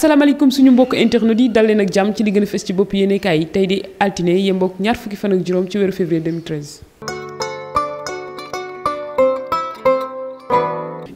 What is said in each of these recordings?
asalaamaaleykum suñu mbokk internet yi dal leen ak jàmm ci li gën a fës ci bopp yéenekaay yi tey di altine yemboog ñaar fukki fan ak juróom ci weeru février 2013.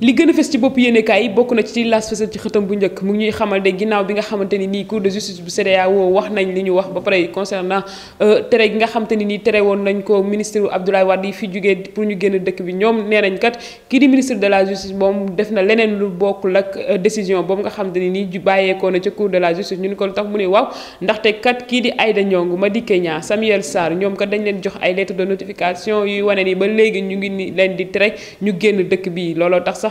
li gën a fës ci bopp yéenekaay yi bokk na ci ci las fësal ci xëtam bu njëkk mu ngi xamal de ginnaaw bi nga xamante ni nii cour de justice bu CEDEAO wax nañ li ñu wax ba pare concernant euh, tere gi nga xamante ni nii tere woon nañ ko ministre Abdoulaye Wade yi fi jógee pour ñu génn dëkk bi ñoom nee nañ kat kii di ministre de la justice moom def na leneen lu bokkul ak euh, décision boobu nga xamante ni nii bàyyeekoo na ca cour de la justice ñu ni ko tax mu ne waaw ndaxte kat kii di Aïda Ndiongue Madické Niang Samuel Sarr dañ leen jox ay lettre de notification yuy wane ni ba léegi ñu di tere ñu génn dëkk bi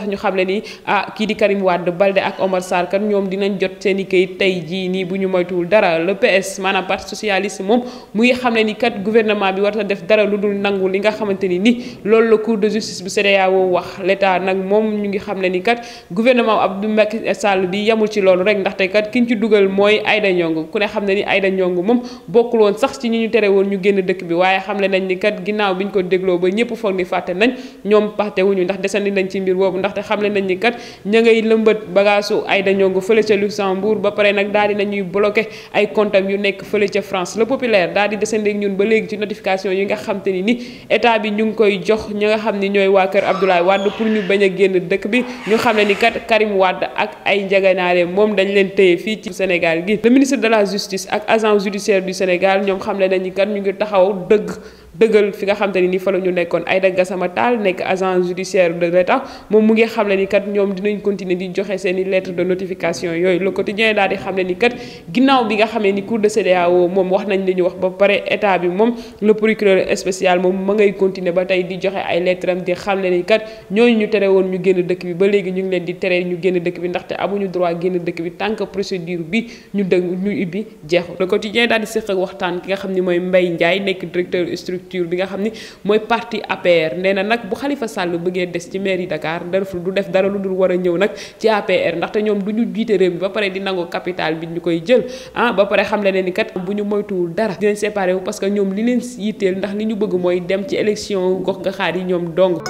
tax ñu xamle ni ah kii di Karim Wade Balde ak Omar Sarr kan ñoom dinañ jot seen i kayit tey jii nii bu ñu moytuwul dara le PS maanaam parti socialiste moom muy xamle ni kat gouvernement bi war def dara lu dul nangu li nga xamante ni ni loolu la cour de justice bu CEDEAO wax l' état nag moom ñu ngi xamle ni kat gouvernement Abdou Macky Sall bi yamul ci loolu rek ndaxte kat kiñ ci dugal mooy Aïda Ndiongue ku ne xam ne ni Aïda Ndiongue moom bokkul woon sax ci ñi ñu tere woon ñu génn dëkk bi waaye xamle nañ ni kat ginnaaw biñ ko dégloo ba ñëpp foog ni fàtte nañ ñoom fàtte wuñu ndax desandi nañ ci mbir boobu ndax te xam le nañ ni kat ña ngay lëmbët bagaasu Aïda Ndiongue fële ca Luxembourg ba pare nag daal di nañuy bloqué ay comptam yu nekk fële ca France la populaire daal di desandi ak ñun ba léegi ci notification yi nga xam ni ni état bi ñu ngi koy jox ñi nga xam ni ñooy waa kër Abdoulaye Wade pour ñu bañ a génn dëkk bi ñu xam ne ni kat Karim Wade ak ay njaganaare moom dañ leen téye fii ci Sénégal gi le ministre de la justice ak agent judiciaire du Sénégal ñoom xam le nañ ni ñu ngi taxaw dëgg dëggal fi nga xam te ni nii fa la ñu nekkoon Aïda Gassama Tall nekk agent judiciaire de l'État moom mu ngi xam ne ni kat ñoom dinañ continuer di joxe seen i lettre de notification yooyu le quotidien daal di xam ne ni kat ginnaaw bi nga xamee ni cour de CEDEAO moom wax nañ li ñu wax ba pare état bi moom le procureur spécial moom ma ngay continuer ba tey di joxe ay lettre am di xam ne ni kat ñooñu ñu tere woon ñu génn dëkk bi ba léegi ñu ngi leen di tere ñu génn dëkk bi ndaxte amuñu droit génn dëkk bi tant que procédure bi ñu dëgg ñu ibbi jeexu le quotidien daal di séq ak waxtaan ki nga xam ni mooy Mbaye Ndiaye nekk directeur structure structure bi nga xam ni mooy parti APR nee na nag bu xalifa Sall bëggee des ci mairie Dakar def du def dara lu dul war a ñëw nag ci APR ndaxte ñoom du ñu jiite réew mi ba pare di nangu capital bi ñu koy jël ah ba pare xam leen ni kat bu ñu moytuwul dara di séparé wu parce que ñoom li leen yitteel ndax li ñu bëgg mooy dem ci élection gox nga yi ñoom dong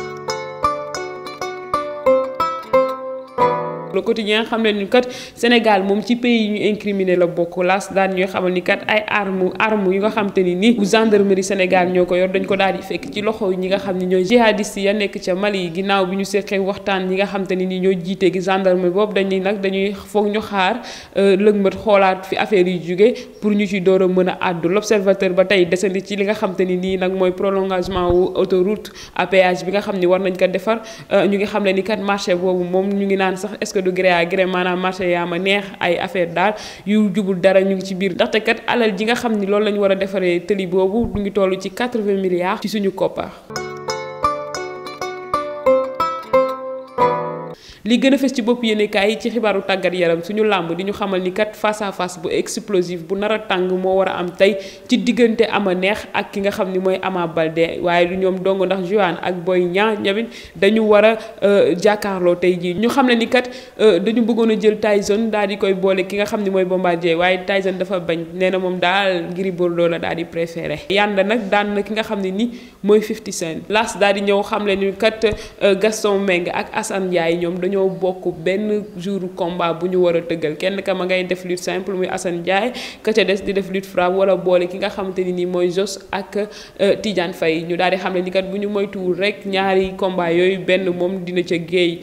le quotidien xam leen ni kat Sénégal mom ci pays ñu incriminé la bokk las daan ñuy xamal ni kat ay armes armes yu nga xam ni bu gendarmerie Sénégal ñoko yor dañ ko daal di fekk ci loxo yi nga xamni ñoy ñooy ya nek ci Mali ginaaw bi ñu séxé waxtaan yi nga xam ni ñoy jité gi gendarmerie bob dañ ni nak dañuy foog ñu xaar euh, lëgmat xolaat fi affaire yi juggé pour ñu ci dooro mëna mën l'observateur ba tay dessandi ci li nga xam ni nak moy prolongement wu autoroute à péage bi nga xamni war nañ ko défar euh, ñu ngi xam ni kat marché boobu mom ñu ngi naan sax est-ce que du gré à gré maanaam yaa ma neex ay affaire daal yu jubul dara ñu ngi ci biir ndaxte kat alal ji nga xam ni loolu la ñu war a defaree tëli boobu du ngi toll ci 80 milliards ci suñu koppar li gën a fës ci bopp yéenekaay yi ci xibaaru tàggat yaram suñu làmb di ñu xamal ni kat face à face bu explosif bu nar a tàng moo war a am tey ci diggante am a neex ak ki nga xam ni mooy Ama Baldé waaye du ñoom dong ndax Juan ak Boy Niang ñamit dañu war a euh, jàkkaarloo tey jii ñu xam ne ni kat euh, dañu bëggoon a jël Tyson daal di koy boole ki nga xam ni mooy Bombardier waaye Tyson dafa bañ nee na moom daal Gris Bordeaux la daal di préféré yanda nag daan na ki nga xam ne ni mooy 50 Cent laas daal di ñëw xam le ni kat euh, Gaston Mbengue ak Assane Ndiaye ñoom dañoo bokk benn jour combat bu ñu war a tëggal kenn kam ma ngay def lutte simple muy Assane Ndiaye ka ca des di def lutte frappe wala boole ki nga xamante ni nii mooy Jos ak euh, Tidiane fay ñu daal di xam ne ni kat bu ñu moytuwul rek ñaari combat yooyu benn moom dina ca géey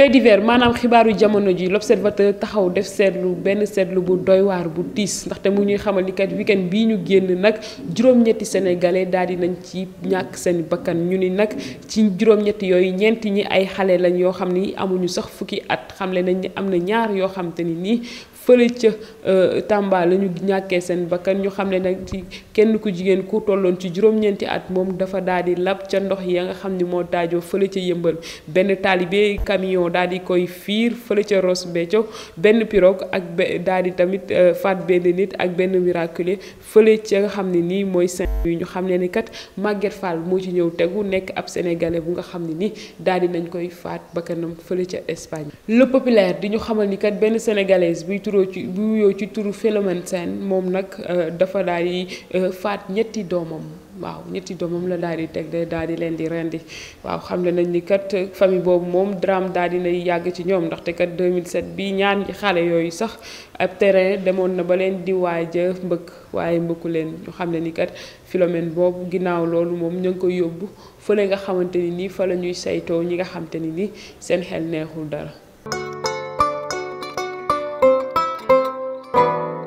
fait divers maanaam xibaaru jamono ji l'observateur taxaw def seetlu benn seetlu bu doy waar bu tiis ndaxte mu ñuy xamal ni kat bii ñu génn nag juróom-ñetti sénégalais daal di nañ ci ñàkk seen bakkan ñu ni nag ci juróom-ñetti yooyu ñeent ñi ay xale lañ yoo xam ni amuñu sax fukki at xamle nañ ni am na ñaar yoo xam te ni nii fële ca euh, Tamba la ñu ñàkkee seen bakkan ñu xam ne nag ci kenn ku jigéen ku tolloon ci juróom-ñeenti at moom dafa daal di lab ca ndox ya nga xam ne moo daajoo fële ca yëmbal benn taalibe camion daal di koy fiir fële ca Ross Béthio benn pirogue ak daal di tamit euh, faat benn nit ak benn miraculé fële ca nga xam ne nii mooy seen yu ñu xam ne ni kat màgget Fall moo ci ñëw tegu nekk ab sénégalais bu nga xam ne ni daal di nañ koy faat bakkanam fële ca Espagne le populaire di ñu xamal ni kat benn sénégalaise buy turu wuyoo ci bu wuyoo ci turu Philomène Sène moom nag euh, dafa daal di euh, faat ñetti doomam waaw ñetti doomam la daal di teg de daal di leen di rendi waaw xam ne nañ ni kat euh, famille boobu moom drame daal di nay yàgg ci ñoom ndaxte kat 2007 bi ñaan xale yooyu sax ab terrain demoon na ba leen di waaja mbëkk waaye mbëkku leen ñu xam ne ni kat Philomène boobu ginnaaw loolu moom ñu ngi koy yóbbu fële nga xamante ni nii fa la ñuy saytoo ñi nga xamante ni nii seen xel neexul dara.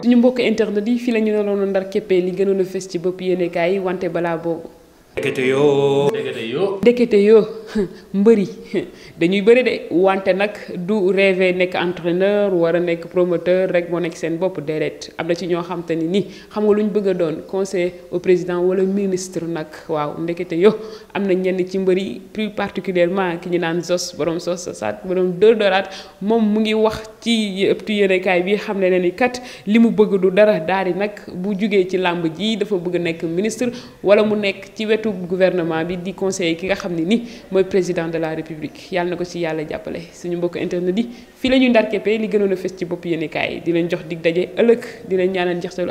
suñu mbokk internet yi fii la ñu ne loonu ndar képpee li gënoon a ci bopp yéenekaay yi wante balaa boobu deketeyo yo ndekete yo ndekete yo mbeuri dañuy beuri de wante nak du rêver nek entraîneur wara nek promoteur rek mo nek sen bop dedet amna ci ño xamanteni ni xam nga luñ bëgg doon conseil au président wala ministre nak waaw ndekete yo amna ñenn ci mbeuri plus particulièrement ki ñu naan zos borom sos sat borom dordorat mom mu ngi wax ci petit yene kay bi xamne ni kat limu bëgg du dara daari nak bu jugé ci lamb ji dafa bëgg nek ministre wala mu nek ci wet wetu gouvernement bi di conseiller ki nga xamni président de la république yalla nako ci yalla jappalé suñu mbokk internet dit fi la ndarké pé li a ci bop di lañ jox dig Dajé ëlëk di lañ ñaanal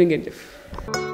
ay